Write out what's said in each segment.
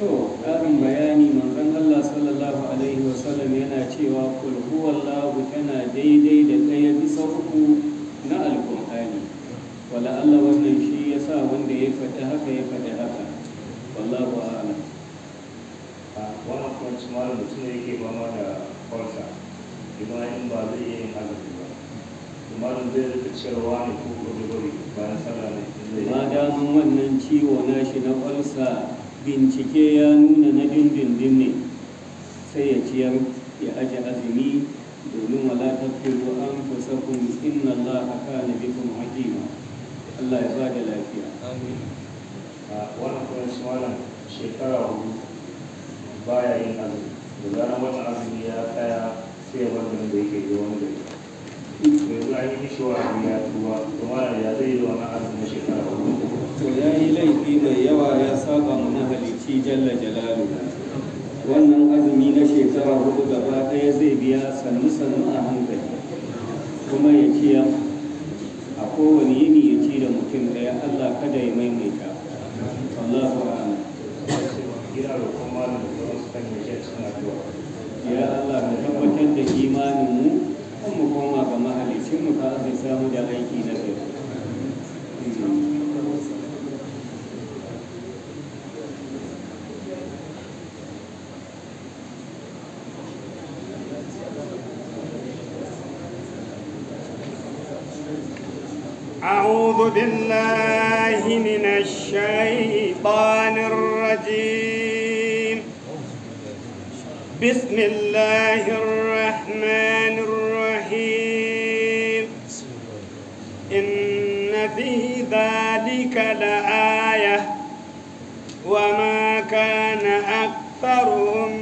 to ƙarin bayani manzon Allah sallallahu alaihi wasallam yana cewa kul huwallahu tana daidai da ɗaya bisa uku na alƙur'ani wala Allah wannan shi ya sa wanda ya faɗi haka ya faɗi haka wallahu a'lam wannan kuma da mutum ya yake fama da kwarsa kuma ba zai iya yin azumi ba malam zai rika cewa ne ko gobe gobe bayan sallah ne ma daman wannan ciwo na shi na kwarsa bincike ya nuna na dindindin ne sai ya ciyar ya aji azumi domin wala taqulu anfusakum inna allaha kana bikum hakima Allah ya ba da lafiya a wannan kuma suwana shekara hudu baya yin azumi da zarar wata azumi ya kaya sai wannan da yake yi wanda yanzu an yi mishi wa azumi ya tuba kuma ya zai yi wani azumi shekara hudu to ya yi laifi mai yawa ya saba mu na halicci jalla jalalu wannan azumi na shekara hudu gaba ɗaya zai biya sannu sannu a hankali kuma ya ciya a kowane yini ya ci da mutum ɗaya allah kada ya maimaita allah ba'ana ya allah mu tabbatar da imanin mu kuma mu koma ga mahalicin mu ka zai samu da aiki na kai أعوذ بالله من الشيطان الرجيم بسم الله الرحمن الرحيم إن في ذلك لآية وما كان أكثرهم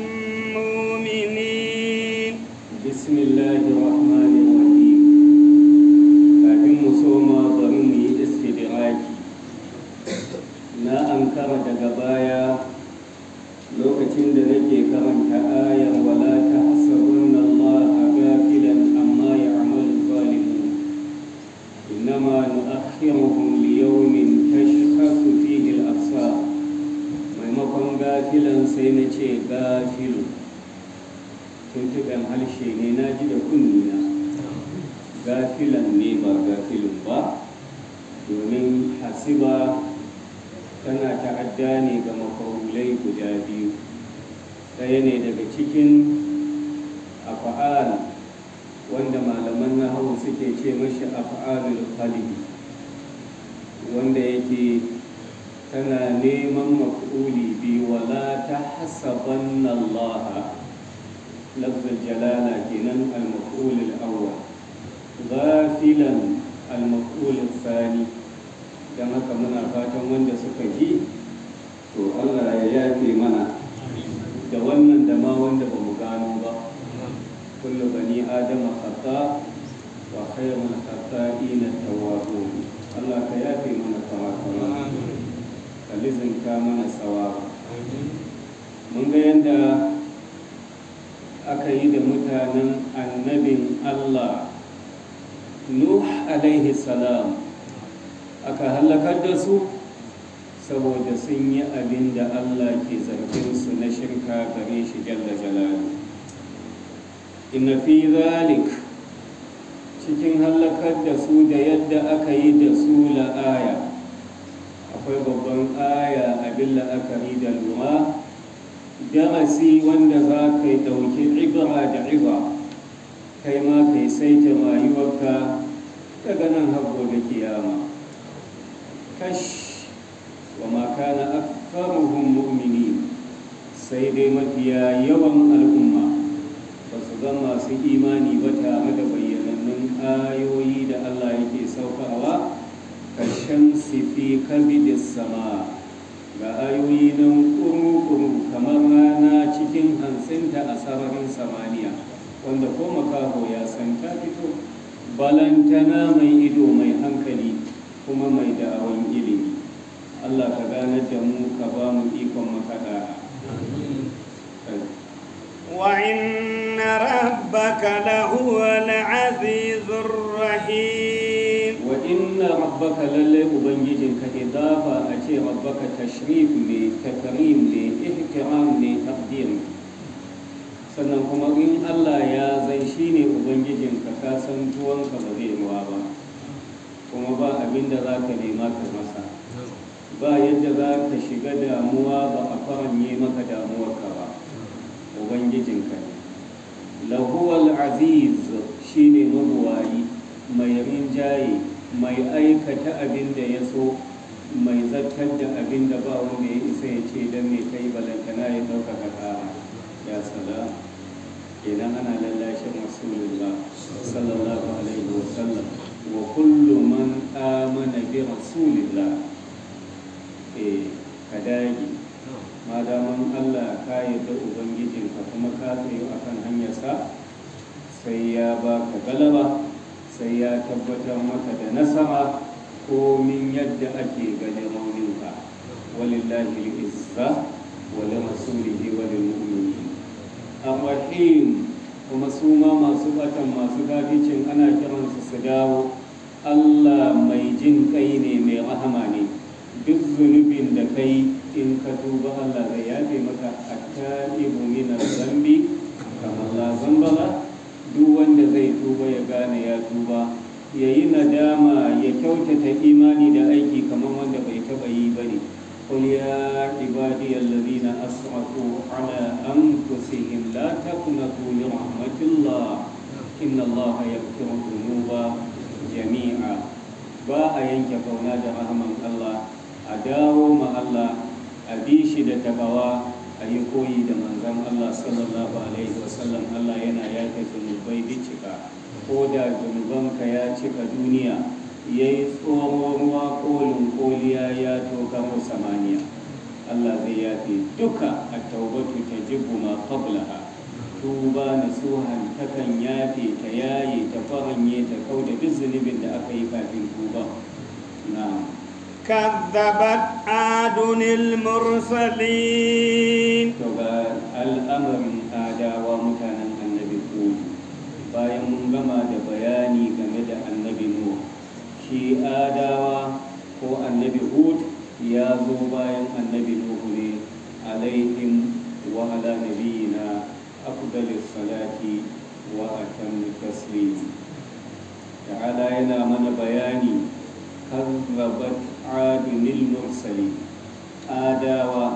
sai na ce gafilu tuntuɓen harshe ne na ji da kunnina gafilan ne ba gafilun ba domin hasiba tana ta'adda ne ga mafaulai guda biyu ɗaya ne daga cikin afa'al wanda malaman na hau suke ce mashi afa'alul qalbi wanda yake kana neman maf'uli bi wala ta hasaban Allah lafzul jalala kenan al-maf'ul al-awwal ghafilan al-maf'ul al-thani dan haka muna fatan wanda suka ji to Allah ya yafe mana da wannan da ma wanda ba mu gano ba kullu bani adama khata wa khayrul mana tsawa mun ga yadda aka yi da mutanen annabin allah nuh alaihi salam aka halakar da su saboda sun yi abin da allah ke su na shirka gare shi jalla jalali inna fi zalik cikin halakar da su da yadda aka yi da su la'aya akwai babban abin la'akari da lura darasi wanda za ka yi ɗauki ibra da riba kai ma ka yi saita rayuwarka daga nan hago da kiyama kash wa maka na akfaruhun mu'mini sai dai mafiya yawan al'umma ba su zama masu imani ba tare da bayyanannun ayoyi da allah yake saukawa kashen sifi kabidis sama ga ayoyi nan kuru kamar rana cikin hansinta a sararin samaniya wanda ko makaho ya san ta fito balantana mai ido mai hankali kuma mai da'awan ilimi allah ka ganar da mu ka ba mu ikon makaɗa وإن ربك لهو العزيز الرحيم inna rabbaka lalle ubangijinka idafa a ce rabbaka tashrif ne takarim ne ihtiram ne taqdim sannan kuma in Allah ya zai ne ubangijin ka ka san tuwanka ba zai ruwa ba kuma ba abin da za ka nema ka masa ba yadda za ka shiga damuwa ba a faranye maka ka ba ka ne lahuwal aziz shine mabuwayi mai rinjaye mai aikata abin da ya so mai zartar da abin da ba wanda ya isa ya ce don mai kai balantana ya ɗaukaka ƙara ya tsada Idan ana lallashin rasulullah sallallahu alaihi wasallam wa kullu man amana bi rasulillah eh ka dage ma Allah ka yarda ka kuma ka tsayo akan hanyarsa sai ya baka galaba sai ya tabbatar maka da na sama komin yadda ake ganin rauninka walillahi izza wa li rasulihi wa lil a arrahim kuma su ma masu batan masu gabicin ana kiransu su dawo Allah mai jin kai ne mai rahama ne duk zunubin da kai in ka tuba Allah zai yafe maka ibu min zambi kamar la zambala duk wanda zai tuba ya gane ya tuba ya yi nadama ya kyautata imani da aiki kamar wanda bai taɓa yi ba ne قل يا عبادي الذين أسرفوا على أنفسهم لا تقنطوا لرحمة الله إن الله يغفر الذنوب جميعا ba a yanke kauna da rahaman Allah a dawo ma Allah a bi shi da tabawa a yi koyi da manzan Allah sallallahu alaihi wasallam Allah yana yafe zunubai bincika ko da zunubanka ya cika duniya ya yi ruwa kolin koliya ya toka samaniya Allah zai yafe duka a taubatu ta jibu ma qablaha tuba nasuhan takan yafe ta yaye ta faranye ta kauda duk zunubin da aka yi kafin tuba na. كذبت عاد المرسلين الأمر آدا ومتانا النبي هود bayan mun gama da bayani game da annabi nuwa shi adawa ko annabi hud ya zo bayan annabi nuhu ne alaihim wa na nabiyina afdalis salati wa atam taslim ta'ala yana mana bayani كذبت عاد المرسلين آداوا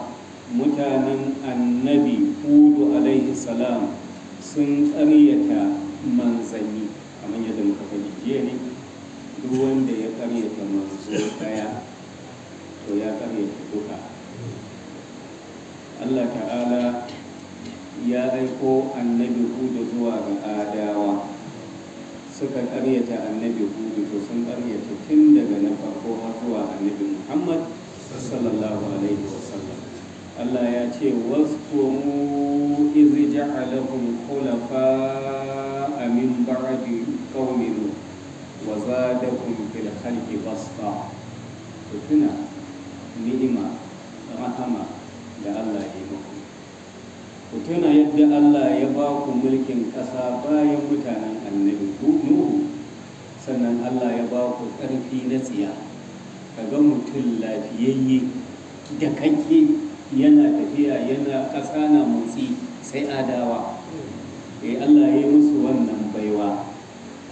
mutanen النبي هود عليه السلام sun ƙaryata manzanni kamar yadda muka faɗi jiya ne duk wanda ya ƙaryata manzo ɗaya to ya ƙaryata Allah ta'ala ya aiko annabi hudu zuwa ga adawa suka karyata annabi hudu to sun karyata tun daga na farko har zuwa annabi muhammad sallallahu alaihi wasallam Allah ya ce waskuru iz ja'alahum khulafa'a min ba'di qaumi nuh wa zadahum fil khalqi basta tuna ni'ima rahama da Allah ya ku tuna yadda Allah ya ba ku mulkin ƙasa bayan mutanen annabi Nuhu sannan Allah ya ba ku ƙarfi na tsiya Ka ga mutum lafiyayye da kake yana tafiya yana ƙasa na motsi sai adawa eh Allah ya yi musu wannan baiwa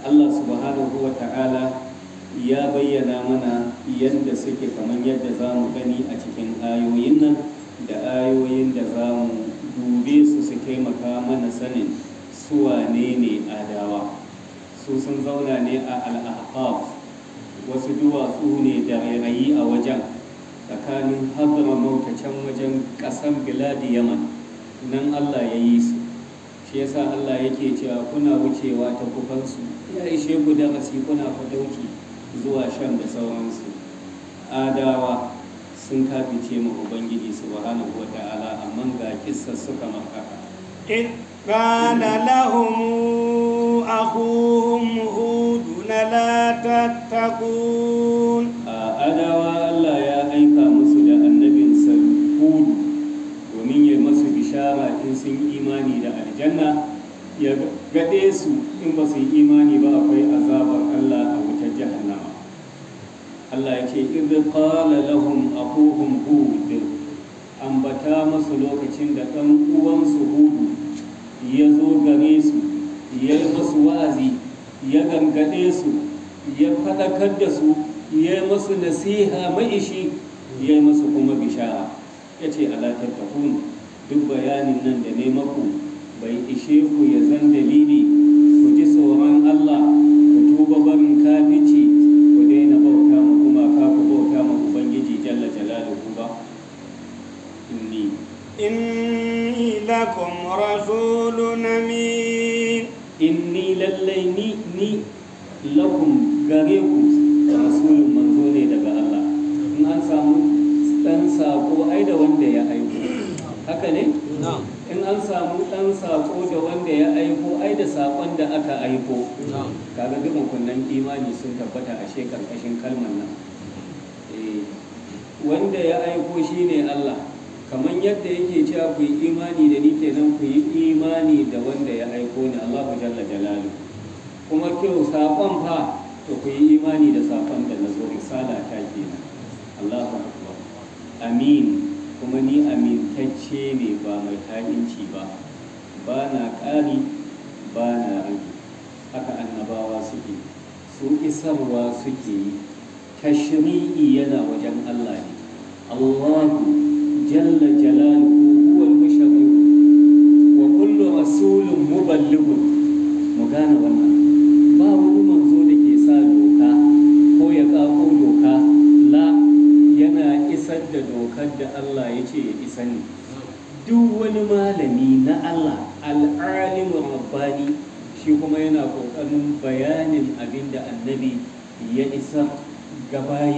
Allah subhanahu wa ta'ala ya bayyana mana yadda suke kamar yadda za mu gani a cikin ayoyin nan da ayoyin da za mu dube su su taimaka mana sanin su wane ne adawa su sun zauna ne a al'ahaf wasu duwatsu ne da rairayi a wajen tsakanin habra mautacen wajen ƙasan biladi yaman nan allah ya yi su shi yasa allah yake cewa kuna wucewa ta kufansu ya ishe ku darasi kuna fadauki zuwa shan da sauransu adawa sun kafice ma ubangiji subhanahu wa ta'ala amma ga kissa suka makara in kana lahum akhuhum hud la tattaqun adawa Allah ya aika musu da annabin sa hud domin ya masu bishara in sun imani da aljanna ya gade su in ba su yi imani ba akwai azabar Allah Allah ya ce idh qala lahum abuhum hud ambata masu lokacin da ɗan su hudu ya zo gare su ya masu wa'azi ya gangade su ya faɗakar da su ya yi masu nasiha ishi, ya yi masu kuma bishara ya ce alatar duk bayanin nan da ne maku bai ishe ku ya zan dalili ku tabbata a shekar karkashin kalmar nan eh, wanda ya aiko shi ne Allah kamar yadda yake cewa ku yi imani da ni kenan ku yi imani da wanda ya aiko ni Allah jalla jalalu kuma kyau saƙon fa to ku yi imani da saƙon da na zo risala ta kenan Allahu akbar amin kuma ni amintacce ne ba mai ta'inci ba ba na ƙari sanarwa suke yi tashri'i yana wajen Allah ne Allahu jalla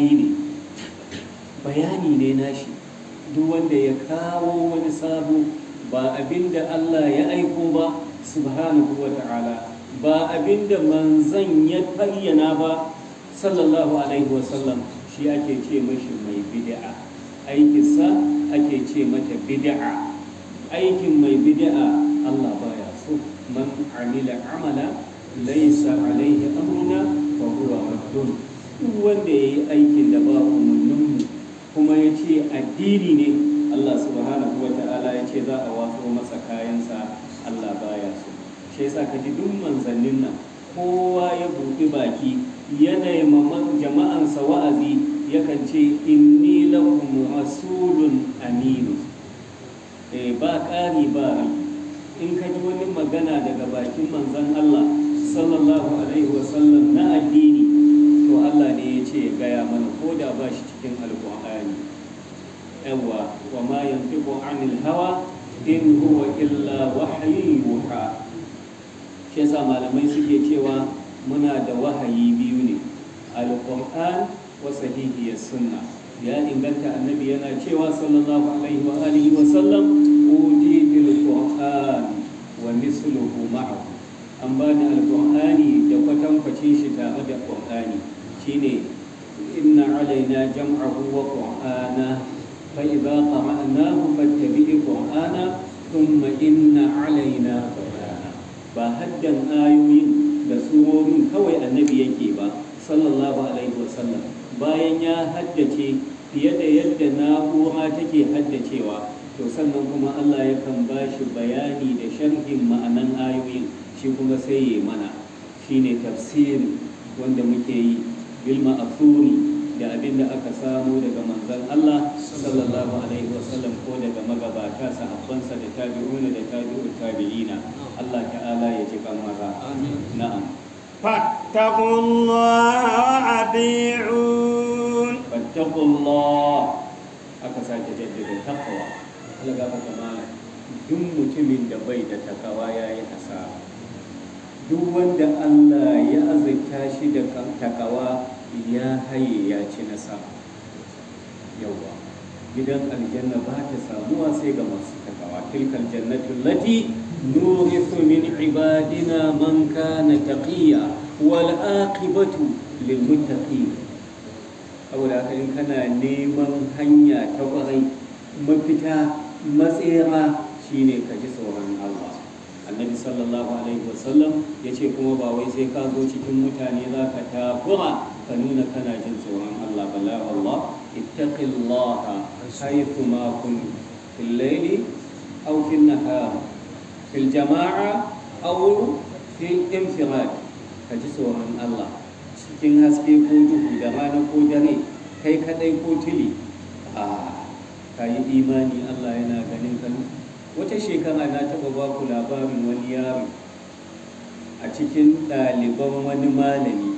ra'ayi ne bayani ne nashi duk wanda ya kawo wani sabo ba abinda Allah ya aiko ba subhanahu wa ta'ala ba abinda manzan ya bayyana ba sallallahu alaihi wasallam shi ake ce mashi mai bid'a aikinsa ake ce mata bid'a aikin mai bid'a Allah baya so man amila amala laysa alaihi amruna fa huwa raddun duk wanda ya yi aikin da ba umarninmu kuma ya ce addini ne Allah subhanahu wa ta'ala ya ce za a waso masa kayansa Allah baya su shi yasa ka ji duk manzannin nan kowa ya buɗi baki yanayi jama'ansa wa'azi yakan ce inni lakum rasulun aminu eh, ba ƙari ba in ka ji wani magana daga bakin manzan Allah sallallahu alaihi wasallam na addini Allah ne ya ce ya gaya mana ko da ba shi cikin alƙur'ani yawa wa ma yantiqu anil hawa in huwa illa wahyi yuha shi yasa malamai suke cewa muna da wahayi biyu ne alƙur'an wa sahihiyar sunna ya inganta annabi yana cewa sallallahu alaihi wa alihi wa sallam utitil qur'an wa misluhu ma'ahu an bani alqur'ani da kwatankwacin shi tare da qur'ani shine inna alaina jam'ahu wa qur'ana fa idza qara'nahu fattabi' qur'ana thumma inna alaina ba haddan ayoyin da surorin kawai annabi yake ba sallallahu alaihi sallam. bayan ya haddace fiye da yadda na'ura take haddacewa to sannan kuma Allah yakan ba shi bayani da sharhin ma'anan ayoyin shi kuma sai ya mana shine tafsiri wanda muke yi bil ma'thuri da abin da aka samu daga manzan Allah sallallahu alaihi wasallam ko daga magabata sahabbansa da tabi'una da tabi'ut tabi'ina Allah ta'ala ya ji kan maza na'am فاتقوا الله وأطيعون فاتقوا الله أكساك جدد التقوى Duk mutumin da bai da takawa yayi حساب duk wanda Allah ya azurta shi da takawa ya haye ya ci nasara yawa gidan aljanna ba ta samuwa sai ga masu takawa tilkal jannatu lati nurithu min ibadina man kana taqiya wal aqibatu lil muttaqin saboda haka in kana neman hanya ta kwarai mafita matsera shine ka ji tsoron Allah annabi sallallahu alaihi wasallam ya ce kuma ba wai sai ka zo cikin mutane za ka takura ka nuna kana jin tsoron Allah bala Allah ittaqillaha haythu ma kun fil layli aw fil nahar fil jama'a aw fil infirad ka ji tsoron Allah cikin haske ko duhu da rana ko dare kai kadai ko tili a ah, ka yi imani Allah yana ganin ka wata shekara na taɓa ba ku labarin wani yaro a cikin ɗaliban wani malami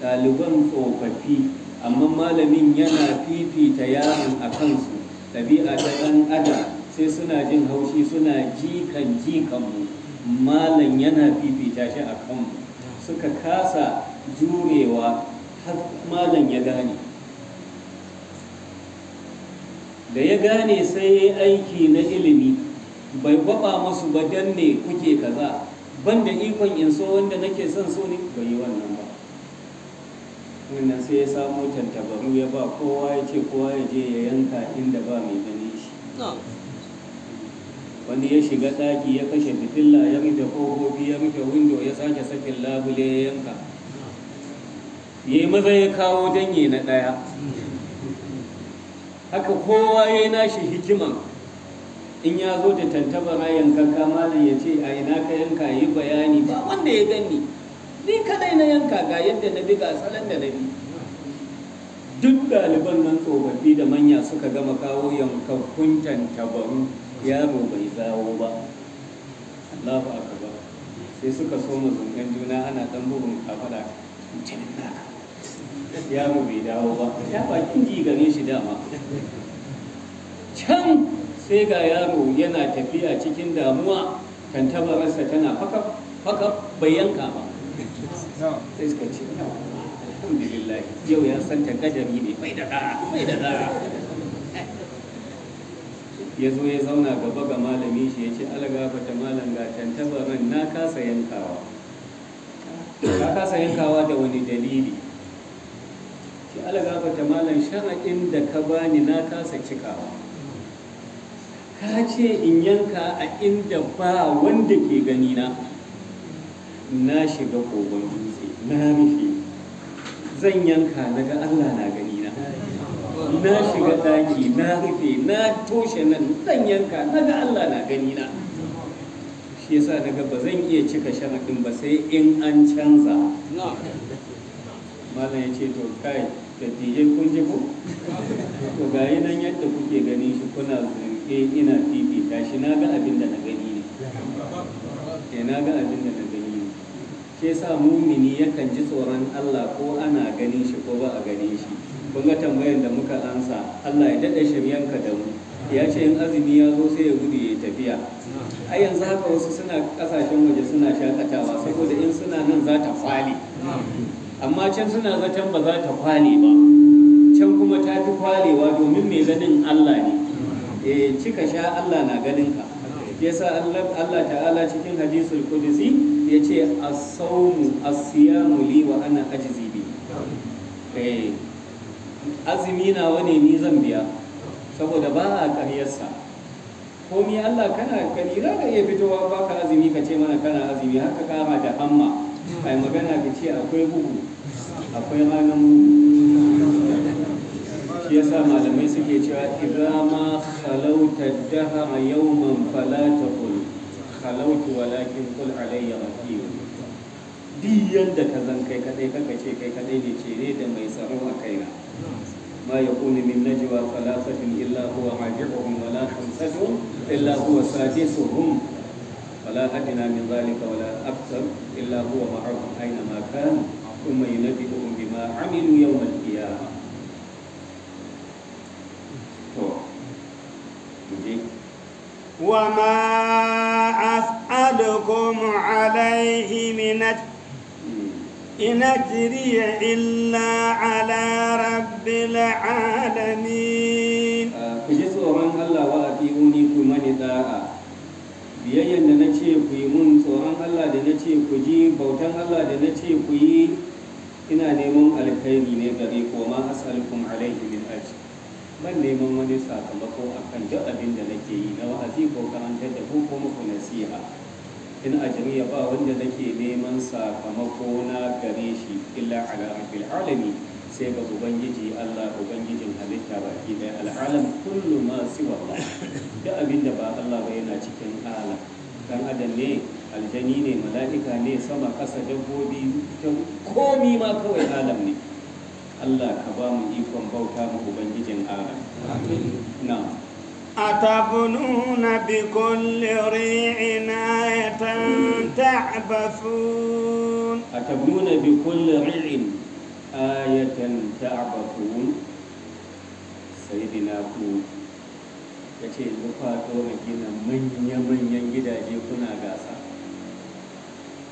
ɗaliban tsofaffi amma malamin yana fifita yaron a kansu ɗabi'a ta ɗan ada sai suna jin haushi suna jikan jikanmu malam yana fifita shi a kanmu suka kasa jurewa har malam ya gane da ya gane sai ya aiki na ilimi bai gwaba masu ba dan ne kuke kaza ban da ikon in so wanda nake son so ne bai yi wannan ba wannan sai ya samo tantabaru ya ba kowa ya ce kowa ya je ya yanka inda ba mai gani shi wani ya shiga ɗaki ya kashe fitilla ya rufe kofofi ya rufe windo ya sake sakin labule ya yanka ya yi maza ya kawo danye na ɗaya haka kowa ya yi nashi hikiman in ya zo da tantabara kanka malam ya ce a ina ka yanka yi bayani ba wanda ya gani ni kadai na yanka ga yadda na diga ga salon da na duk ɗaliban nan tsofaffi da manya suka gama kawo yankakkun tantabaru yaro bai zawo ba Allahu akbar sai suka so mu zungan juna ana dan bugun kafada yaro bai dawo ba ya bakin ji gane shi dama can sai ga yaro yana tafiya cikin damuwa tantabararsa tana fakar bai ba sai suka ce alhamdulillah yau ya san takadari ne bai da da'a da ya zo ya zauna gaba ga malami shi ya ce algafa ta malam ga tantabaran na kasa yankawa ka kasa yankawa da wani dalili ce algafa ta malam sharaɗin da ka bani na kasa cikawa ka ce in yanka a inda ba wanda ke gani na na shiga kogon dutse na rufe zan yanka daga Allah na gani na na shiga daki na rufe na toshe nan zan yanka daga Allah na gani na shi yasa daga ba zan iya cika sharaɗin ba sai in an canza malam ya ce to kai da kun ji ko to ga nan yadda kuke ganin shi kuna zuri eh ina fifita shi na ga abin da na gani ne Ke eh, na ga abin da na gani ne mumini yakan ji tsoron Allah ko ana ganin shi ko ba a ganin shi kun ga tambayar da muka ansa Allah ya dade shiryanka da mu ya ce in azumi ya zo sai ya gudu ya tafiya ai yanzu haka wasu suna kasashen waje suna shakatawa saboda in suna nan za ta kwale amma can suna zaton ba za ta kwale ba can kuma ta fi kwalewa domin mai zanin Allah ne eh cika sha Allah na ganin ka yasa Allah ta'ala cikin hadisul ya yace a sawmu a siyamu li wa ana ajizi bi eh, azumi na wane ni zan biya saboda ba a Ko komi Allah kana kari za ka iya fitowa ba ka azumi ka ce mana kana azumi haka kama da hamma ai magana ka ce akwai bugu akwai ranar shi sa malamai suke cewa idza ma khalauta dahara yawman fala taqul khalautu walakin qul alayya wakil duk yadda ka zan kai kadai kaka ce kai kadai ne ce da mai tsaro a kaina ma kuni min najwa thalathatin illa huwa rabi'uhum wala khamsatun illa huwa sadisuhum فلا أدنى من ذلك ولا أكثر إلا هو معهم أينما كان ثم bima بما عملوا يوم القيامة وما أسألكم عليه من إن أجري إلا على رب العالمين كجسو ران الله وأتيوني كما نداء biyayyan da na ce ku yi mun tsoron Allah da na ce ku ji bautan Allah da na ce ku yi ina neman alkhairi ne gare ko ma as'alukum alaihi min ban neman wani sakamako akan duk abin da nake yi na wa'azi ko karantar da ko ko muku nasiha in ajriya ba wanda nake neman sakamako na gare shi illa ala rabbil alamin sai ga ubangiji Allah ubangijin halitta baki ɗaya al'alam kullu ma siwa Allah duk abin da ba Allah ba yana cikin alam dan adam ne aljani ne mala'ika ne sama kasa dabbobi komi ma kawai alam ne Allah ka ba mu ikon bauta mu ubangijin Allah. na أتبنون بكل ريع آية تعبثون أتبنون بكل ريع آية تعبثون سيدنا كو ya ce zufa goma gina manya-manyan gidaje kuna gasa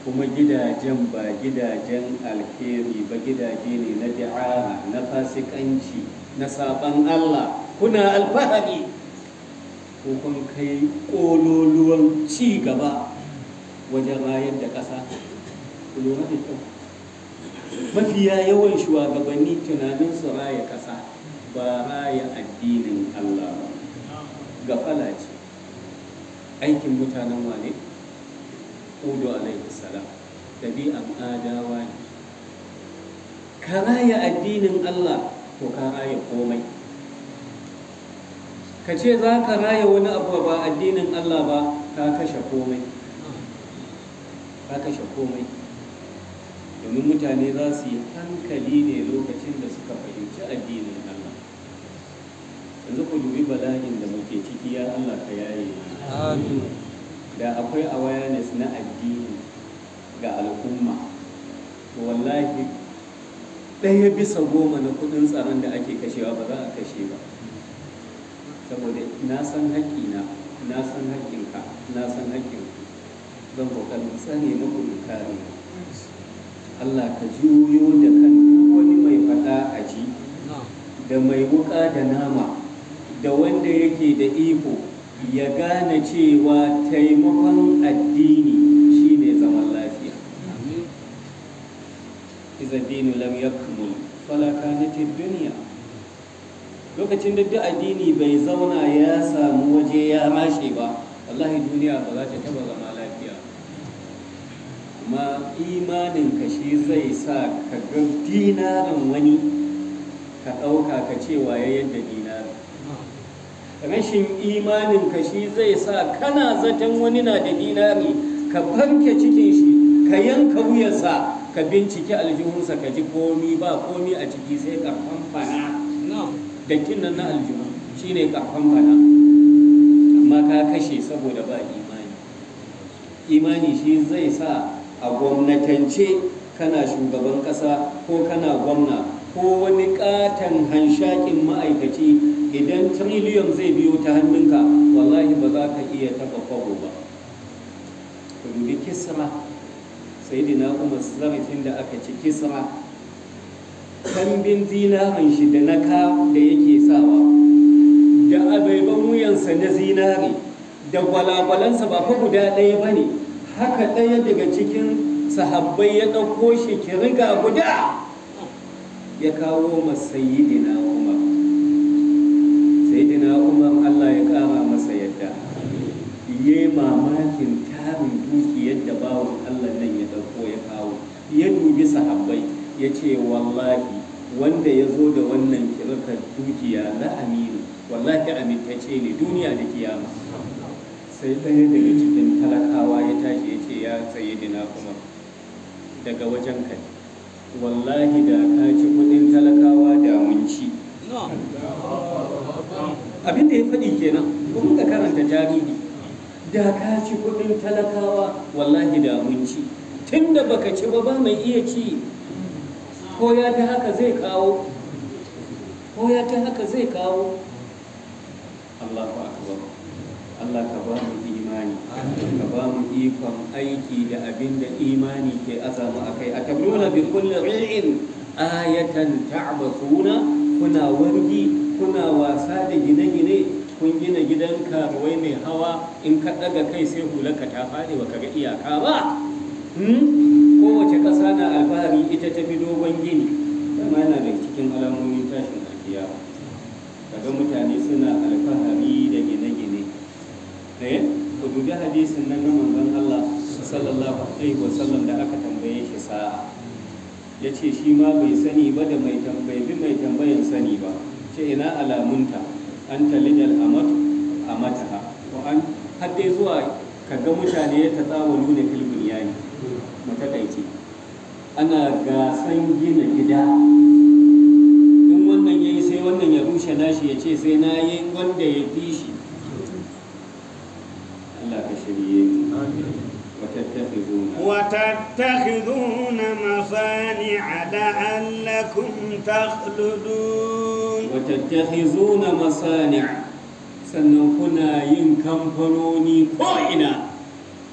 kuma gidajen ba gidajen alheri ba gidaje ne na bi'ara na fasikanci na saban Allah kuna alfahari ko kun kai kololuwan ci gaba wajen rayar da ƙasa lura da kyau mafiya yawan shugabanni tunanin su raya ƙasa ba raya addinin Allah ba ga ce aikin mutanen wane ne hudu alaihi salam ɗabi'an adawa ne ka raya addinin allah to ka raya komai ka ce za ka raya wani abu ba addinin allah ba ka kashe komai ka kashe komai domin mutane za su yi hankali ne lokacin da suka fahimci addinin Allah yanzu ku dubi bala'in da muke ciki ya Allah ka yaye amin da akwai awareness na addini ga al'umma to wallahi ɗaya bisa goma na kudin tsaron da ake kashewa ba za a kashe ba saboda na san haƙƙina na san haƙƙinka na san haƙƙin zan kokarin tsane muku in kare Allah ka juyo da kan wani mai faɗa a ji da mai wuƙa da nama da wanda yake da iko ya gane cewa taimakon addini shi ne zaman lafiya iza dinu lam yakmul fala kanatid duniya lokacin da duk addini bai zauna ya samu waje ya rashe ba wallahi duniya ba za ta taba zama lafiya kuma imanin ka shi zai sa ka ga dinarin wani ka ɗauka ka cewa ya yadda ni rashin imanin ka shi zai sa kana zaton wani na da dinari ka farke cikin shi ka yanka wuyarsa ka binciki aljihunsa ka ji komi ba komi a ciki sai karfan fana da kinnan na aljihu shine karfan fana amma ka kashe saboda ba imani imani shi zai sa a gwamnatance kana shugaban kasa ko kana gwamna ko wani katon hanshakin ma'aikaci idan tiriliyon zai biyo ta hannunka wallahi ba za ka iya taba kwabo ba ku dubi kisra sai na kuma zarafin da aka ci kisra kambin zinarin shi da ka da yake sawa da abaiban wuyansa na zinari, da gwalagwalansa ba fa guda ɗaya ba ne haka ɗaya daga cikin sahabbai ya ɗauko shi ki riga guda ya kawo masayidina kuma. ya yi mamakin tarin dukiyar da bawon Allah nan ya ɗauko ya kawo ya dubi sahabbai ya ce wallahi wanda ya zo da wannan kirkar dukiya na aminu wallahi amintacce ne duniya da kiyama sai ɗaya daga cikin talakawa ya tashi ya ce ya tsaye dina kuma daga wajen kai wallahi da ka ci kudin talakawa da mun ci abin da ya faɗi kenan kuma ka karanta jami'i da ka ci kuɗin talakawa wallahi da mun ci tun da baka ci ba ba mai iya ci ko ya ta haka zai kawo ko ya ta haka zai kawo Allahu akbar Allah ka ba mu imani ka ba mu ikon aiki da abin da imani ke azama akai atabruna bi kulli ri'in ayatan ta'basuna kuna wargi kuna wasa da gine-gine kun gina gidan karuwai mai hawa in ka ɗaga kai sai hularka ta faɗi ba ka ga iyaka ba hmm? kowace ƙasa na alfahari ita ta fi dogon gini dama yana da cikin alamomin tashin alkiya kaga mutane suna alfahari da gine-gine eh? ku dubi hadisin nan na manzon Allah sallallahu alaihi sallam da aka tambaye shi sa'a ya ce shi ma bai sani ba da mai tambayi mai tambayin sani ba ce ina alamunta an talijal a amataha ko an hadde zuwa ga mutane ta tsawalu ne filbin yayi matakaici ana gasan gina gida in wannan yayi sai wannan ya rushe nashi ya ce sai na yi wanda ya fi shi Allah ka shirye وتتخذون مصانع لعلكم تخلدون watattakhizuna masani'a sannan kuna yin kamfanoni ko'ina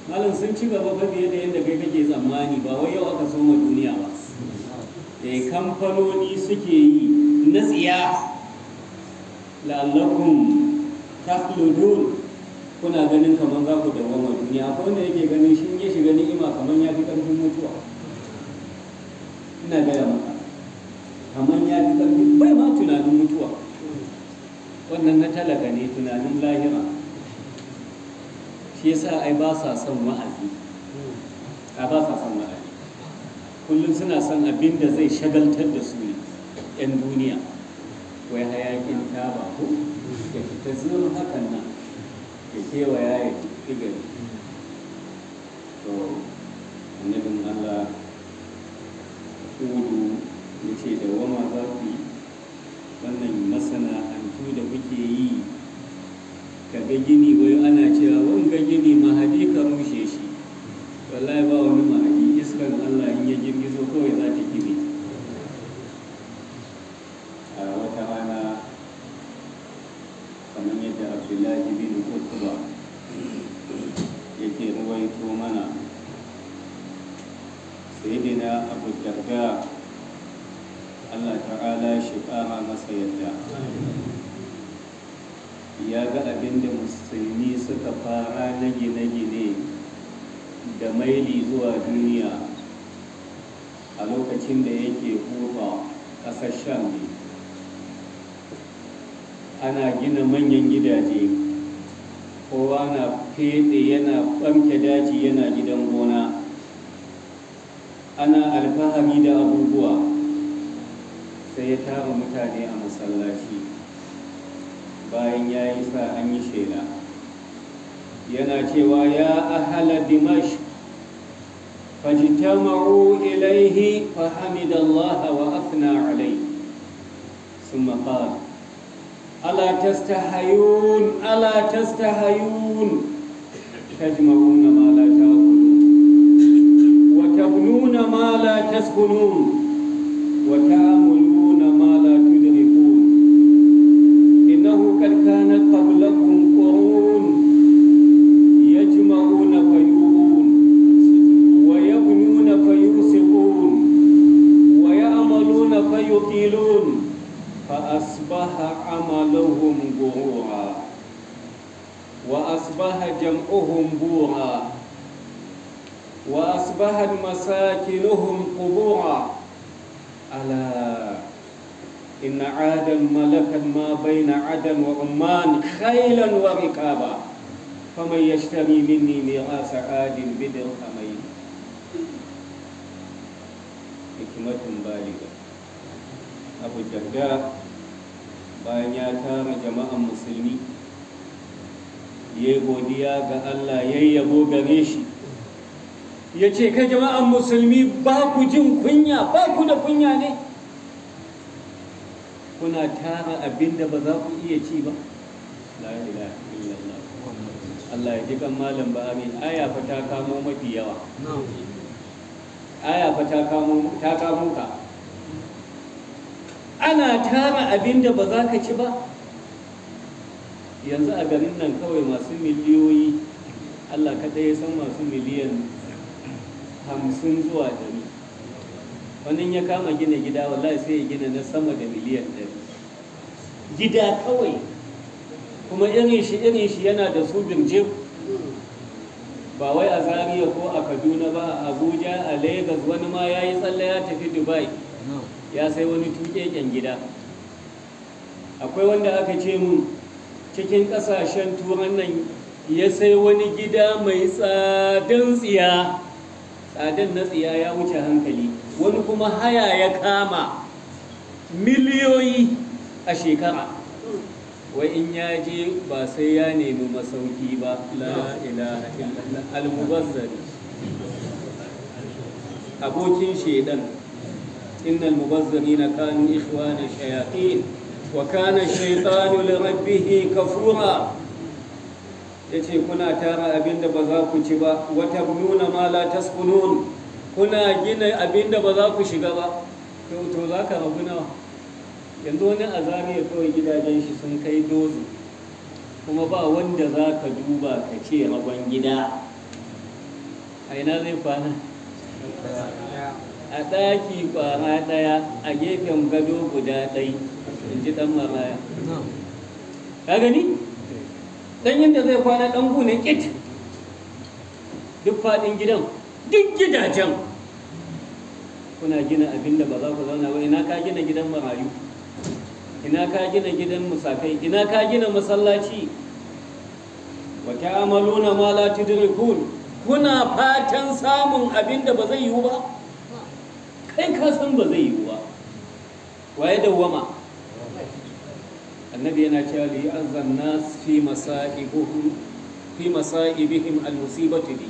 malam sun ci gaba fa fiye da yadda kai kake tsammani ba wai yau aka soma duniya ba eh kamfanoni suke yi na tsiya la'allakum takhludun kuna ganin kamar za ku dawo ma duniya akwai wanda yake ganin shi ya shiga ni'ima kamar ya fi ƙarfin mutuwa ina gaya maka kamar ya fi tunanin mutuwa wannan na talaka ne tunanin lahira shi yasa ai ba sa son wa'azi a ba sa son wa'azi kullum suna son abin da zai shagaltar da su ne 'yan duniya wai hayakin taba ku ya fita zuwa hakan nan ya kewaya ya fi gari to annabin allah ya ce da wani da kuke yi kaga gini wai ana cewa ga gini mahadi ka rushe shi wallahi ba wani mahadi iskan allah in ya girgizo kawai za ta gini a wata rana kamar yadda abdullahi bin kutuba yake ruwaito mana sai na abu darda allah ta'ala shi kara masa yadda ya ga abin da musulmi suka fara na gine-gine da maili zuwa duniya a lokacin da yake hufa ƙasar sham ana gina manyan gidaje kowa na fede yana ɓamke daji yana gidan gona ana alfahari da abubuwa sai ya tara mutane a masallaci bayan ya yi sa an yi shela yana cewa ya ahala dimash fajtama'u ilaihi fa hamidallaha wa athna alaihi ثم قال ألا تستحيون ألا تستحيون تجمعون ما لا تأكلون وتبنون ما لا تسكنون وتأملون musulmi ba ku jin kunya ba ku da kunya ne kuna tara abin da ba za ku iya ci ba Allah ya ji kan malam ba amin aya fa ta kamo mafi yawa aya fa ta kamo ka ana tara abin da ba za ka ci ba yanzu a garin nan kawai masu miliyoyi Allah kadai ya san masu miliyan hamsin zuwa dari wannan ya kama gina gida wallahi sai ya gina na sama da miliyan ɗari. gida kawai kuma irin shi irin shi yana da su birjib ba wai a zariya ko a kaduna ba a abuja a lagos wani ma ya yi tsalla ya tafi dubai ya sai wani tuƙeƙen gida akwai wanda aka ce mun cikin ƙasashen turan nan ya sai wani gida mai tsadin tsiya tsadan na tsiya ya wuce hankali wani kuma haya ya kama miliyoyi a shekara wai in ya je ba sai ya nemi masauki ba la ilaha illallah al-mubazzari abokin shedan innal mubazzirina kanu ikhwana shayatin wa kana shaytanu li kafura ya ce kuna tara abinda ba za ku ci ba wata nuna ma la taskunun kuna gina abinda ba za ku shiga ba to za ka rabu nawa yanzu wani a zariya kawai gidajen shi sun kai dozu kuma ba wanda za ka duba ka ce rabon gida a ina zai kwana a ɗaki kwara ɗaya a gefen gado guda ɗai in ji ɗan maraya ka gani dan yadda zai kwana dan gune kit duk faɗin gidan duk gidajen kuna gina abin da ba za ku zauna ba ina ka gina gidan marayu ina ka gina gidan musafai ina ka gina masallaci wa ta'amaluna ma la tudrikun kuna fatan samun abin da ba zai yiwu ba kai ka san ba zai yiwu ba waye dawwama annabi yana cewa li azan nas fi masaibihim fi masaibihim al musibatu bi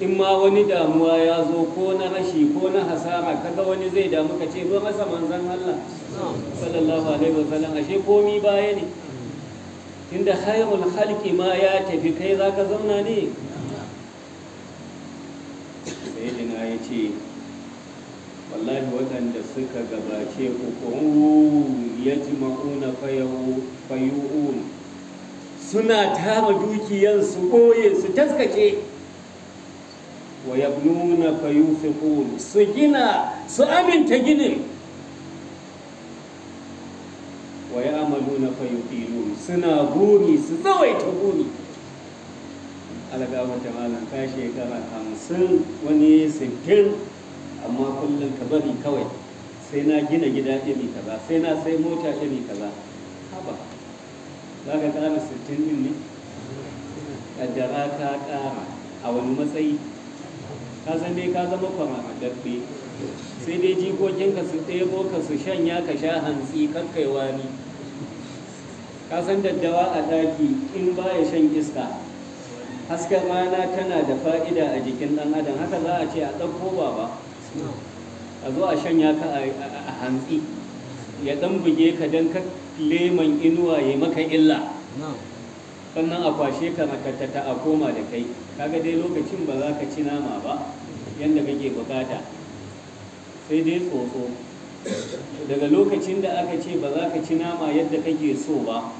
in ma wani damuwa ya zo ko na rashi ko na hasara kaga wani zai damu ka ce ba masa manzon Allah sallallahu alaihi wasallam ashe komi baya ne tunda khairul halki ma ya tafi kai zaka zauna ne sai yace wallahi waɗanda suka gabace ku ya ma'una fayu'un suna tara dukiyansu su ɓoye su taskake wa yabnuna fayufiqun su gina su aminta ginin wa ya'maluna fayuqilun suna guri su tsawaita guri alga wata malam ta shekara hamsin wani sittin amma kullum ka bari kawai sai na gina gida iri kaza sai na sai mota iri kaza haba za ka ƙara sittin din ne kaddara ka ƙara a wani matsayi ka san dai ka zama kwamagadabbe sai dai jikokinka su ɗebo ka su shanya ka sha hantsi kakkaiwa wani. ka san daddawa a ɗaki in baya shan iska hasken rana tana da fa'ida a jikin ɗan adam haka za a ce a ɗauko ba a zo a shanya ka a hantsi ya ɗan buge ka dan ka leman inuwa ya maka illa sannan a kwashe ka tattata a koma da kai kaga dai lokacin ba za ka ci nama ba yadda kake bukata sai dai tsotso daga lokacin da aka ce ba za ka ci nama yadda kake so ba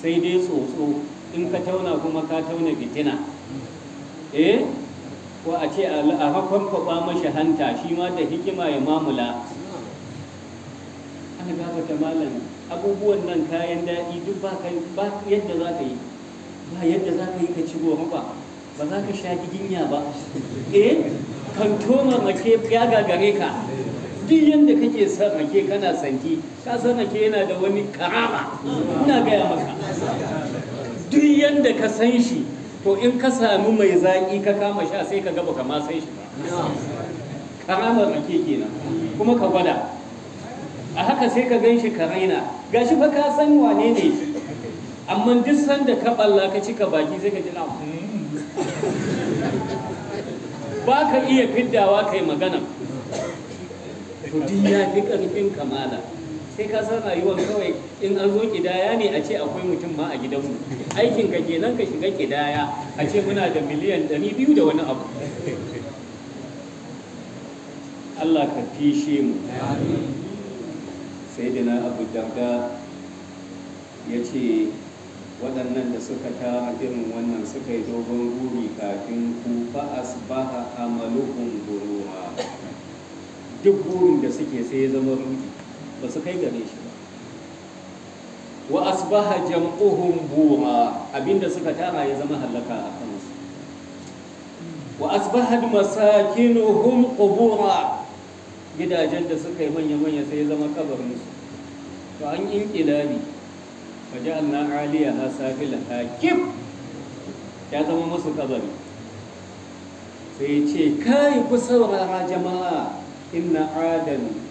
sai dai tsotso in ka tauna kuma ka tauna fitina eh ko a ce a hakon kwaba mashi hanta shi ma da hikima ya mamula ana ta malam abubuwan nan kayan daɗi duk ba yadda za ka yi ba yadda za ka yi ka ci goma ba ba za ka sha ginya ba eh kan toma mace ya gagare ka duk yadda kake san rake kana santi ka san rake yana da wani karama ina gaya maka duk yadda ka san shi to in ka sami mai zaƙi ka kama sha sai ka gaba kama sai shi ba karamar rake kenan kuma ka gwada a haka sai ka gan shi ka raina gashi fa ka san wane ne amma duk sanda ka balla ka cika baki sai ka ji na ba ka iya fiddawa kai magana to din ya fi ƙarfin kamala sai ka san rayuwar kawai in an zo kidaya ne a ce akwai mutum ma a gidanmu aikin ka kenan ka shiga kidaya a ce muna da miliyan ɗari biyu da wani abu Allah ka fishe mu sai da na abu darda ya ce waɗannan da suka ta irin wannan suka yi dogon ruri kafin ku fa ba a amalukun duk burin da suke sai ya zama rudi ba su kai gare shi ba wa asbaha jam'uhum bura abinda suka tara ya zama halaka a kansu wa asbaha masakinuhum qubura gidajen da suka yi manya-manya sai ya zama kabarin su to an inqilabi faja'alna 'aliyaha safilaha kif ya zama musu kabari sai ce kai ku saurara jama'a inna adan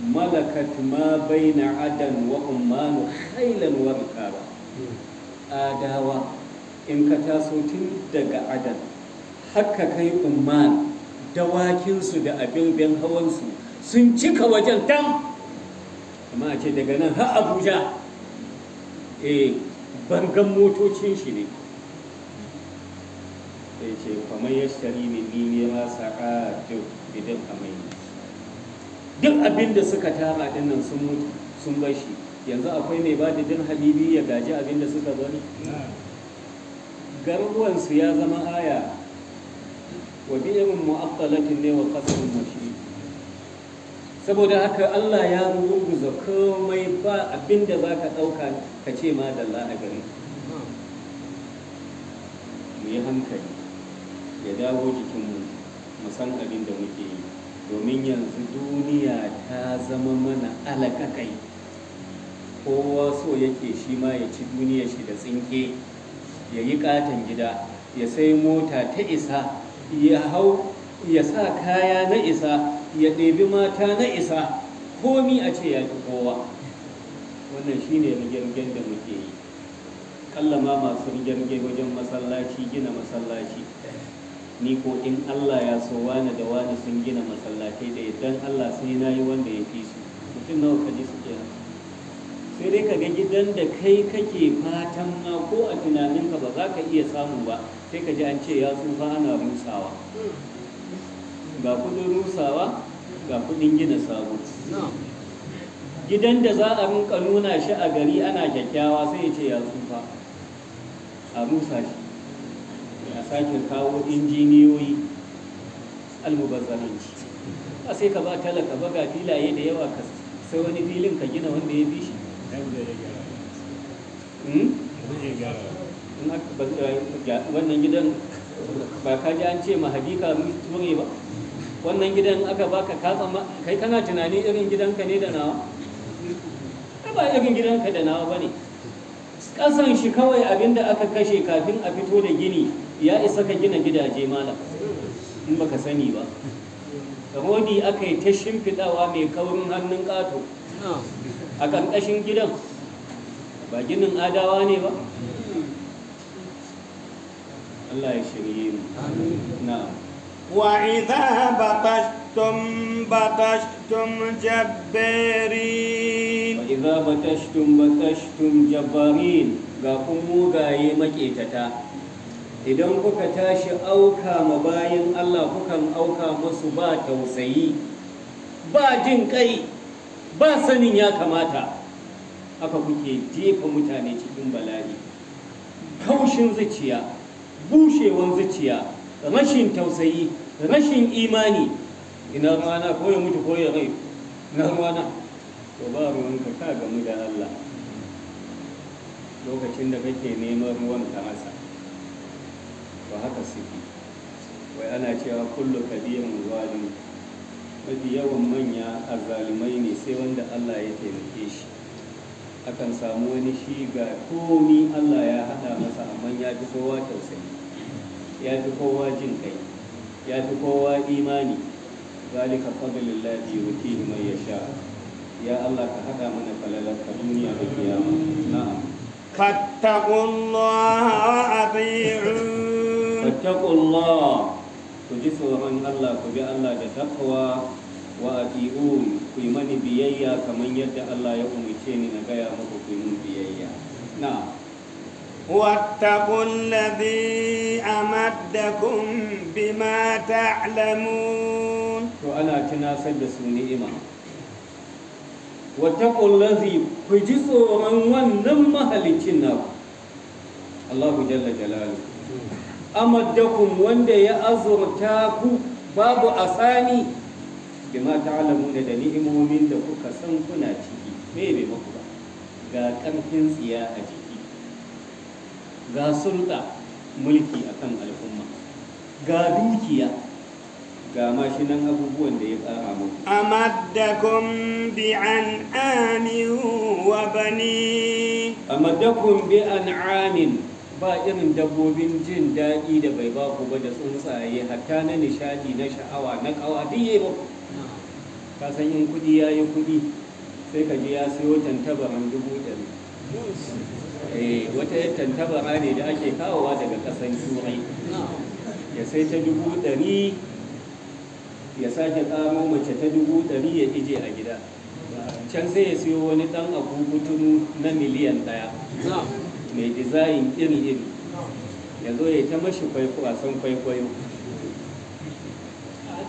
malakat ma na adan wa ummanu khailan wa rikaba adawa in ka taso tun daga adan haka kai umman dawakinsu da abin bin hawansu sun cika wajen tam amma a ce daga nan har abuja eh bangan motocin shi ne sai ce kwaman ya shari ne ni ne ma sa'a idan amai duk abin da suka tara dinnan sun mutu sun bar shi yanzu akwai mai ba da din habibi ya gaji abin da suka bari garuwansu ya zama aya wa bi'in mu'aqqalatin ne wa qasrun mashi saboda haka Allah ya rubuza komai ba abin da zaka dauka ka ce ma dalla a gare mu yi hankali ya dawo jikinmu mu san abin da muke yi domin yanzu duniya ta zama mana alakakai kowa so yake shi ma ya ci duniya shi da tsinke ya yi katon gida ya sai mota ta isa ya hau ya sa kaya na isa ya ɗebi mata na isa komi a ce ya fi kowa wannan shi ne rigirgen da muke yi kallama masu rigirge wajen masallaci gina masallaci ni ko in Allah ya so wani da wani sun gina masallatai da idan Allah sai na yi wanda ya fi su mutum nawa ka ji su kenan sai dai ka ga gidan da kai kake fatan ma ko a tunaninka ba za ka iya samu ba sai ka ji an ce ya fa ana rusawa ga kudin rusawa ga kudin gina sabo gidan da za a rinka nuna shi a gari ana kyakkyawa sai ya ce ya fa a rusa shi a sake kawo injiniyoyi almubazzaranci a sai ka ba talaka ba ga filaye da yawa ka sai wani filin ka gina wanda ya fi shi hmm? eh, wannan gidan ba ka ji an ce ma habika ture ba wannan gidan aka baka katsa kai kana tunanin irin gidanka ne da nawa ba irin gidanka da nawa ba ne ƙasan shi kawai abin da aka kashe kafin a fito da gini ya isa ka gina gidaje malam in baka sani ba rodi aka yi ta shimfiɗawa mai kaurin hannun ƙato a ƙanƙashin gidan ba ginin adawa ne ba Allah ya shirye mu na'am وإذا بطشتم بطشتم جبارين وإذا بطشتم بطشتم جبارين ga kun mugaye maƙetata idan kuka tashi auka ma bayan Allah kukan auka musu ba tausayi ba jin kai ba sanin ya kamata haka kuke jefa mutane cikin bala'i kaushin zuciya bushewan zuciya rashin tausayi rashin imani ina rana ko ya mutu ko ya rai ina rana to ba ruwanka ka gamu da Allah lokacin da kake neman ruwan ka masa to haka suke wai ana cewa kullu kabirin zalimi mafi yawan manya a azzalumai ne sai wanda Allah ya taimake shi akan samu wani shi ga komi Allah ya haɗa masa amma ya fi kowa tausayi ya fi kowa jin kai ya fi kowa imani zalika fadlillahi yutihi man yasha ya Allah ka hada mana falalarka duniya da kiyama na'am fattaqullaha wa ati'un fattaqullaha ku ji tsoron Allah ku bi Allah da takwa wa ati'un ku yi mani biyayya kamar yadda Allah ya umarce ni na gaya muku ku yi biyayya na'am واتقوا الذي أمدكم بما تعلمون وأنا تناسب بسوني إمام واتقوا الذي فجسوا من ونم هلتنا الله جل جلاله أمدكم وند يأزر تاكو باب أساني بما تعلمون دنيئ مؤمن لكو كسنكنا تيجي ميبي مكبا ga ƙarfin tsiya a jiki ga sulɗa mulki akan al'umma ga dukiya ga mashinan abubuwan da ya tsara muku amaddakum bi an'amin wa bani amaddakum bi an'amin ba irin dabbobin jin daɗi da bai ba ku ba da tsuntsaye hatta na nishadi na sha'awa na ƙawa duk yayi ba ka san in kuɗi yayi kuɗi sai ka je ya siyo tantabaran dubu ɗari Eh, wata tantabara ne da ake kawowa daga kasan turai ya sai ta dubu ɗari ya sake kamo mace ta dubu ɗari ya ije a gida can sai ya siyo wani ɗan abubutun na miliyan ɗaya mai dizayin iri-iri ya zo ya ta mashi san kwaikwayo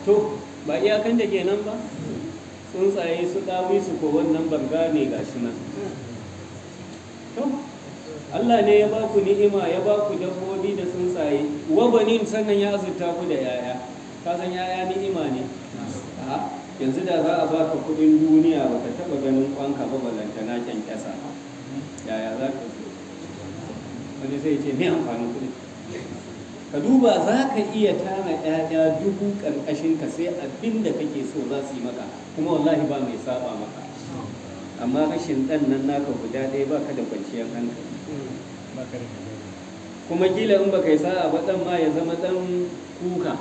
to ba iyakan da ke nan ba tsuntsaye su ɗawi su ko wannan banga ne shi nan Allah ne ya baku ni'ima ya baku dabbobi da tsuntsaye wa banin sannan ya azurta ku da yaya ka san yaya ni'ima ne yanzu da za a baka kudin duniya ba ka taba ganin kwanka ba na kyan kyasa yaya za ka zo wani zai ce ni amfanin kudi ka duba za ka iya tana yaya dubu ƙarƙashinka sai abin da kake so za su yi maka kuma wallahi ba mai saba maka amma rashin ɗan nan naka guda ɗaya ba ka da kwanciyar hankali hmm, kuma kila in ba kai sa'a ba ɗan ma ya zama ɗan kuka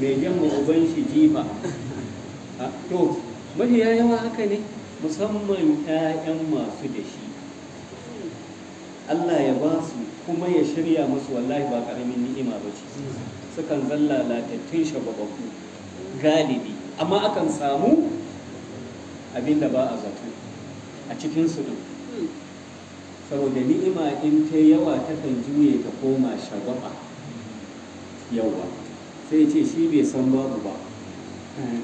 mai jan uban shi jifa to ya yawa haka ne musamman 'ya'yan masu da shi Allah ya ba su kuma ya shirya musu wallahi ba karamin ni'ima ba ce sukan zalla latattun shababaku galibi amma akan samu abinda ba a zato a cikin su din saboda ni'ima in ta yawa takan juye ta koma shagwaba yawa sai ce shi bai san babu ba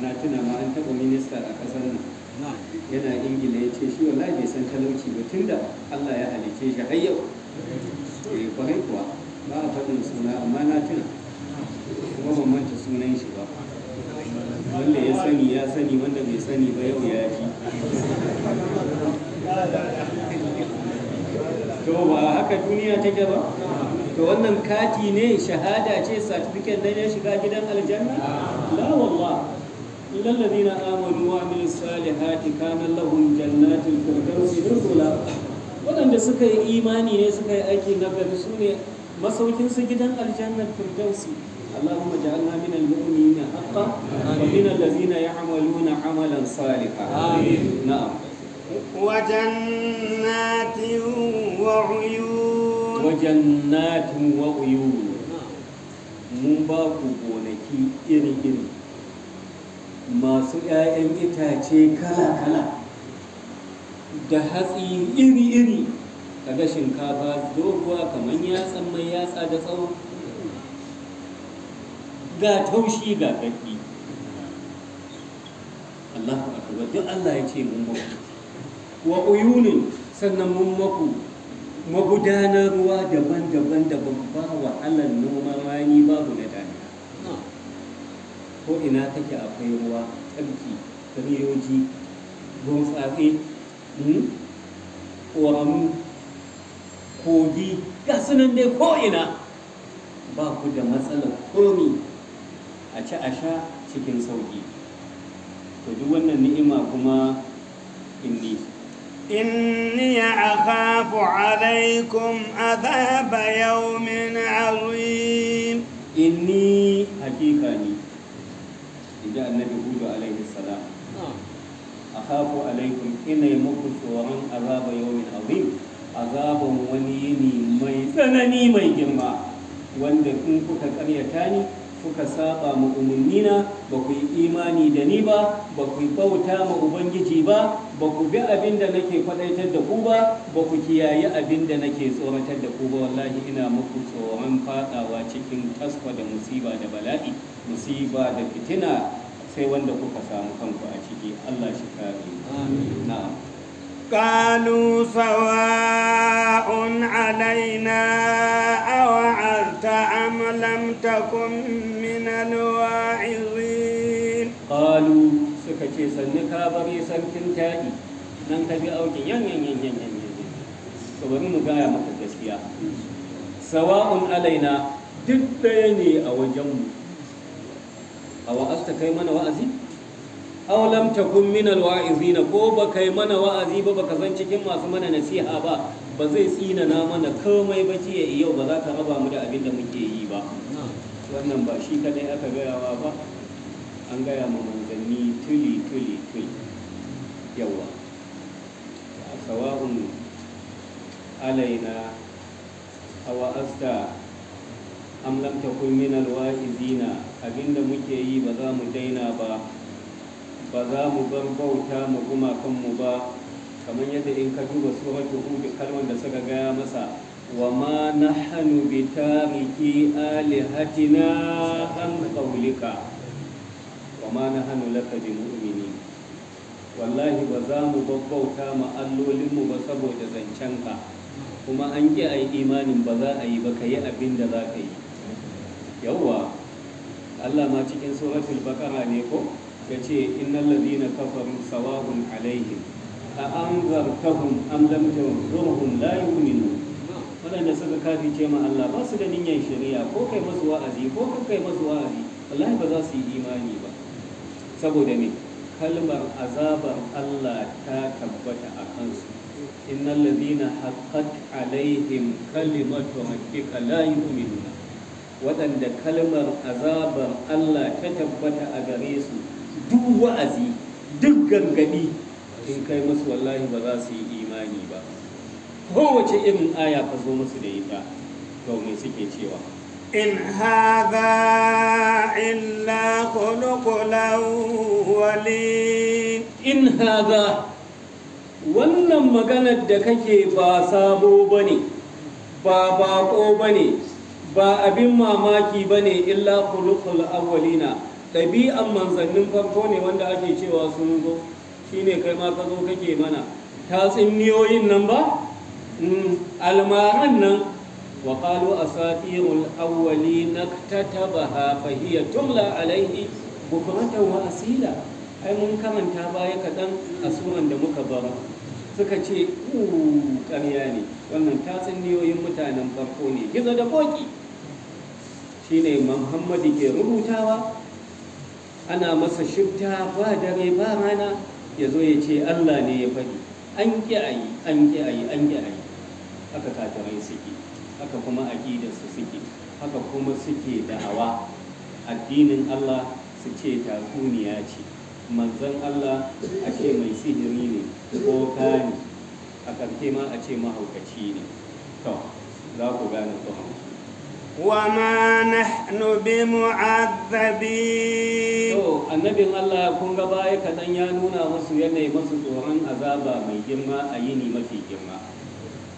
na tuna ma an taɓa minista a ƙasar nan yana ingila ya ce shi wallahi bai san talauci ba tun da allah ya halice shi har yau eh, kwarai kuwa ba a faɗin suna amma na tuna kuma ban manta sunan shi ba wanda ya sani ya sani wanda bai sani ba yau ya ji to ba haka duniya take ba to wannan kati ne shahada ce certificate ne ya shiga gidan aljanna la wallah إلى الذين آمنوا وعملوا الصالحات كان لهم جنات الفردوس نزلا waɗanda suka yi imani ne suka yi aiki na gari sune masaukin masaukinsu gidan aljannar firdausi اللهم اجعلنا من المؤمنين حقا ومن الذين يعملون عملا صالحا آمين نعم وجنات وعيون وجنات وعيون mun ba ku gonaki iri-iri masu 'ya'yan itace kala-kala da hatsi iri-iri kaga shinkafa doguwa kamar yatsan mai da tsawo ga taushi ga kaki Allahu akbar duk Allah ya ce mun maku wa uyunin sannan mun maku magudanar ruwa daban-daban daban ba alan noma mani babu na damina ko ina kake akwai ruwa tsarki riyoji gontsatsi hmm, ƙoramu kogi ga sunan dai ko ina ba ku da matsalar komi a ci a sha cikin sauƙi. to duk wannan ni'ima kuma inni inni akhafu alaikum adhaba yawmin azim inni hakika ni inda annabi hudu alaihi salam ah. akhafu alaikum ina yi muku tsoron azaba yawmin azim azaban wani yini mai tsanani mai girma wanda in kuka karyata ni kuka saba ma umarnina ba ku yi imani da ni ba ba ku bauta ma ubangiji ba ba ku bi abin da nake kwadaitar da ku ba ba ku kiyaye abin da nake tsoratar da ku ba wallahi ina muku tsoron fadawa cikin tasfa da musiba da bala'i musiba da fitina sai wanda kuka samu kanku a ciki Allah shi kare amin na'am قالوا سواء علينا أوعظت أم لم تكن من الواعظين قالوا سكتي سنكا بري سنكن تاجي nan ka bi auki yan yan yan yan bari mu gaya maka gaskiya sawa'un alaina duk ɗaya ne a wajenmu a kai mana wa'azi aw lam takun min ko baka yi mana wa'azi ba baka san cikin masu mana nasiha ba ba zai tsina na mana komai ba ce yau ba za ka raba mu da abin da muke yi ba wannan ba shi kadai aka gayawa ba an gaya ma manzanni tuli tuli tuli yawa sawa'un alaina awa asta am lam takun min alwa'izina abinda muke yi ba za mu daina ba ba za mu bar bauta mu kanmu ba kamar yadda in ka duba suratul hud kalman da suka gaya masa wa ma nahnu bi tariki alihatina an qawlika wa ma nahnu laka bi mu'minin wallahi ba za mu bauta ma allolinmu ba saboda zancen ka kuma an ayi a imanin ba za a yi ba ka yi abin da za ka yi yawwa Allah ma cikin suratul baqara ne ko ya ce innal ladina kafaru sawahun alaihim a anzartahum am lam tunzurhum la yu'minun Wadanda suka kafice ma Allah ba su da niyyar shari'a ko kai masu wa'azi ko kai masu wa'azi wallahi ba za su yi imani ba saboda me kalmar azabar Allah ta tabbata a kansu innal ladina haqqat alaihim kalimatu rabbika la yu'minuna waɗanda kalmar azabar Allah ta tabbata a gare su duk wa'azi duk gangami in kai masu wallahi ba za su yi imani ba kowace irin aya ka zo musu da ita domin suke cewa in haza illa khuluqulan walin in wannan maganar da kake ba sabo bane ba bako bane ba abin mamaki bane illa khuluqul awwalina ɗabi'an manzannin farko ne wanda ake cewa sun zo Shi ne kai ma ka zo kake mana Tatsuniyoyi nan ba mm, almaran nan wa qalu asatirul awwalin naktatabaha fa hiya tumla alaihi bukratan wa asila ai mun karanta baya kaɗan a suran da muka bara suka ce uu ƙarya ne wannan tatsuniyoyin mutanen farko ne gizo da boki shine muhammadu ke rubutawa ana masa shifta ba dare ba rana ya zo ya ce allah ne ya faɗi an ƙi a yi an ƙi a yi an ƙi a yi haka katarai suke haka kuma aƙidarsu suke haka kuma suke da'awa addinin allah su ce tatsuniya ce manzan allah a ce mai sihiri ne ko kani a ƙarfe ma a ce mahaukaci ne to za ku gane kuma وما نحن بمعذبين to annabin Allah kun ga baya kadan ya nuna musu yanayi masu tsoron azaba mai girma a yini mafi girma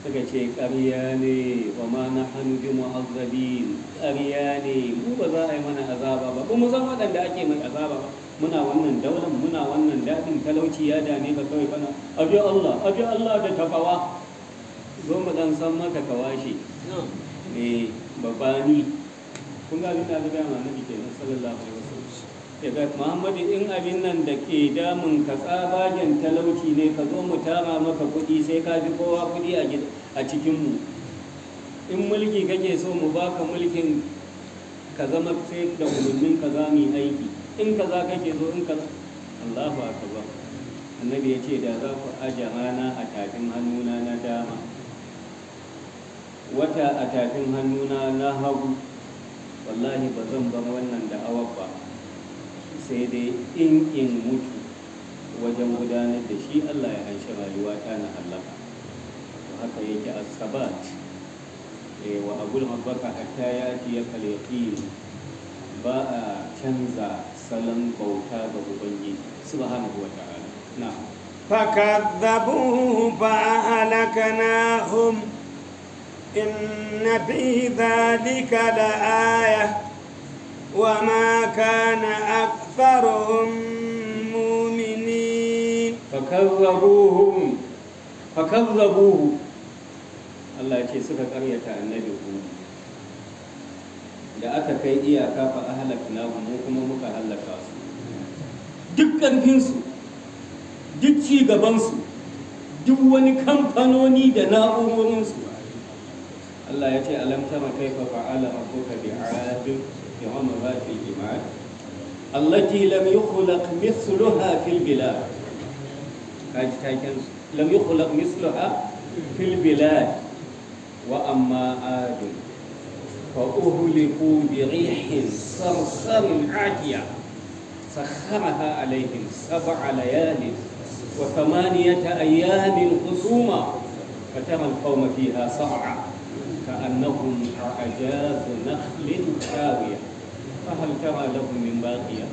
suka ce ƙarya ne wa ma nahnu bimu'azzabin ƙarya ne mu ba za a yi mana azaba ba kuma san waɗanda ake azaba ba muna wannan daular muna wannan daɗin talauci ya dame ka kawai kana abi Allah abi Allah da tafawa zo mu dan san maka kawashi mai eh, babani kun ga abin da aka annabi sallallahu alaihi wasallam ga muhammadu in abin nan da ke damun ka tsabagen talauci ne ka zo mu tara maka kuɗi sai ka fi kowa kuɗi a cikinmu in mulki kake so mu baka mulkin ka zama sai da umarnin ka za mu yi aiki in ka za kake so in ka Allahu akbar annabi ya ce da za ku aje rana a tafin hannuna na dama wata a tafin hannuna na hagu wallahi ba zan bar wannan da'awar ba sai dai in in mutu wajen gudanar da shi allah ya anshi rayuwa ta na hallaka to haka yake asabat eh, wa abul mabaka hatta ya ji ya kalyaƙi ba a canza salon bauta ga ubangiji hana kuwa ta'ala na فكذبوه فأهلكناهم إن في ذلك لآية وما كان أكثرهم مؤمنين فكذبوهم فكذبوه الله يكي سكا قرية النبي da aka kai iyaka fa ahlakna mu kuma muka halaka su duk ƙarfinsu duk ci gabansu duk wani kamfanoni da na'urorinsu Allah ya ce alam tara kaifa fa'ala rabbuka bi'adin fi amratil imad allati lam yukhlaq mithluha fil bilad kaji taken lam yukhlaq mithluha fil bilad wa amma adun فأهلكوا بريح صرصر عاتية سخرها عليهم سبع ليال وثمانية أيام خصوما فترى القوم فيها صرعى كأنهم أعجاز نخل خاوية فهل ترى لهم من باقية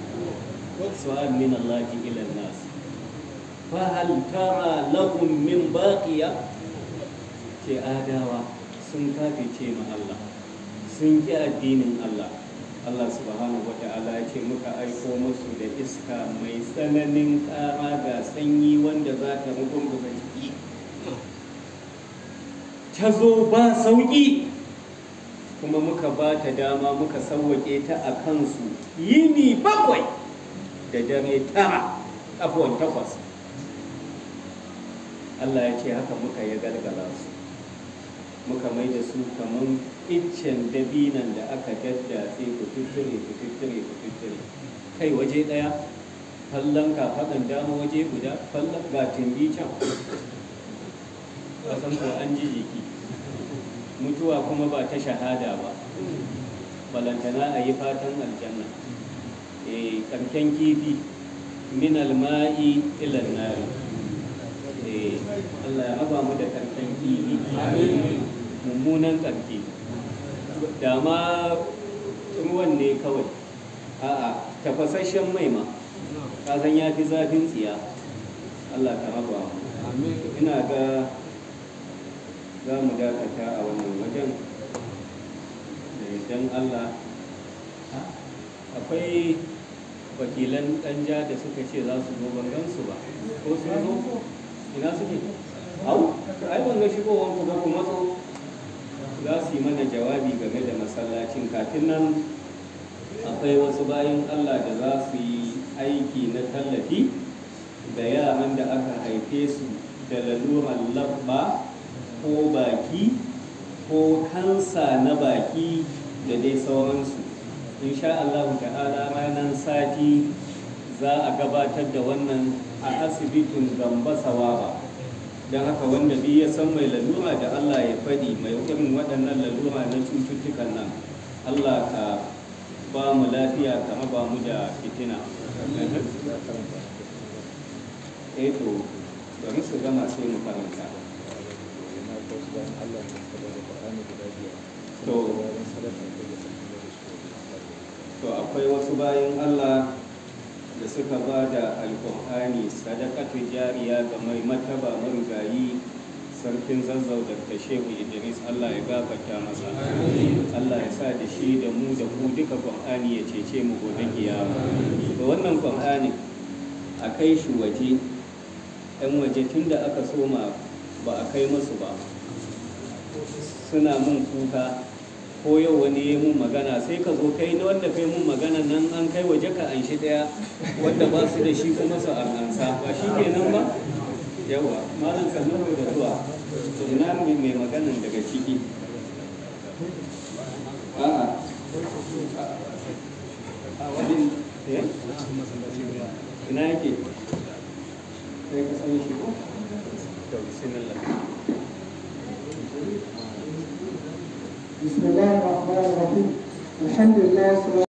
سؤال من الله إلى الناس فهل ترى لهم من باقية adawa sun kafice ma Allah sun ki addinin Allah Allah subhanahu wata'ala ya ce muka aiko musu da iska mai tsananin ƙara ga sanyi wanda za ta rugunguza jiki ta zo ba sauƙi kuma muka ba ta dama muka sauwaƙe ta a kansu yini bakwai da dare tara abuwan takwas Allah ya ce haka muka ya gargala su muka mai da su kamar iccen dabinan da aka daddatse ku tuttire ku tuttire ku tuttire kai waje ɗaya fallon kafaɗan dama waje guda fallon ga can kasan ko an ji jiki mutuwa kuma ba ta shahada ba balantana a yi fatan aljanna e karken kifi min alma'i ilan nari eh, Allah ya raba mu da karken kifi mummunan karke da ma ruwan ne kawai a'a tafasasshen mai ma kasan ya fi zafin tsiya Allah ka raba mu ina ga za mu dakata a wannan wajen da yardan allah akwai wakilan ɗanja da suka ce za su zo ban gansu ba ko su zo ina suke hau ai ban ga shigowar ku ga kuma matso za su yi mana jawabi game da masallacin kafin nan akwai wasu bayan allah da za su yi aiki na tallafi da yaran da aka haife su da lalurar labba ko baki ko kansa na baki da dai sauransu insha Allah ta'ala ranar sati za a gabatar da wannan a asibitin gamba Sawaba. don haka wanda biyu ya san mai lalura da Allah ya faɗi mai irin waɗannan lalura na cututtukan nan Allah ka ba mu lafiya kama ba mu da fitina eto eh bari su gama sai mu karanta to akwai wasu bayan Allah da suka ba da alkur'ani sadakatu jariya ga mai mataba marigayi sarkin zazzau da ta shehu idris allah ya gafata masa allah ya sa da shi da mu da ku duka qur'ani ya cece mu gobe kiyama da wannan qur'ani a kai shi waje ɗan waje tun da aka soma ba a kai musu ba suna mun kuka ko yau wani ya mun magana sai ka zo kai na wanda kai mun magana nan an kai waje ka an shi daya wanda ba su da shi kuma su ansa ba shi ke nan ba yawa malam sanarwa da zuwa ina mai mai maganan daga ciki a'a eh? ina yake كويسين اللي بسم الله الرحمن الرحيم الحمد لله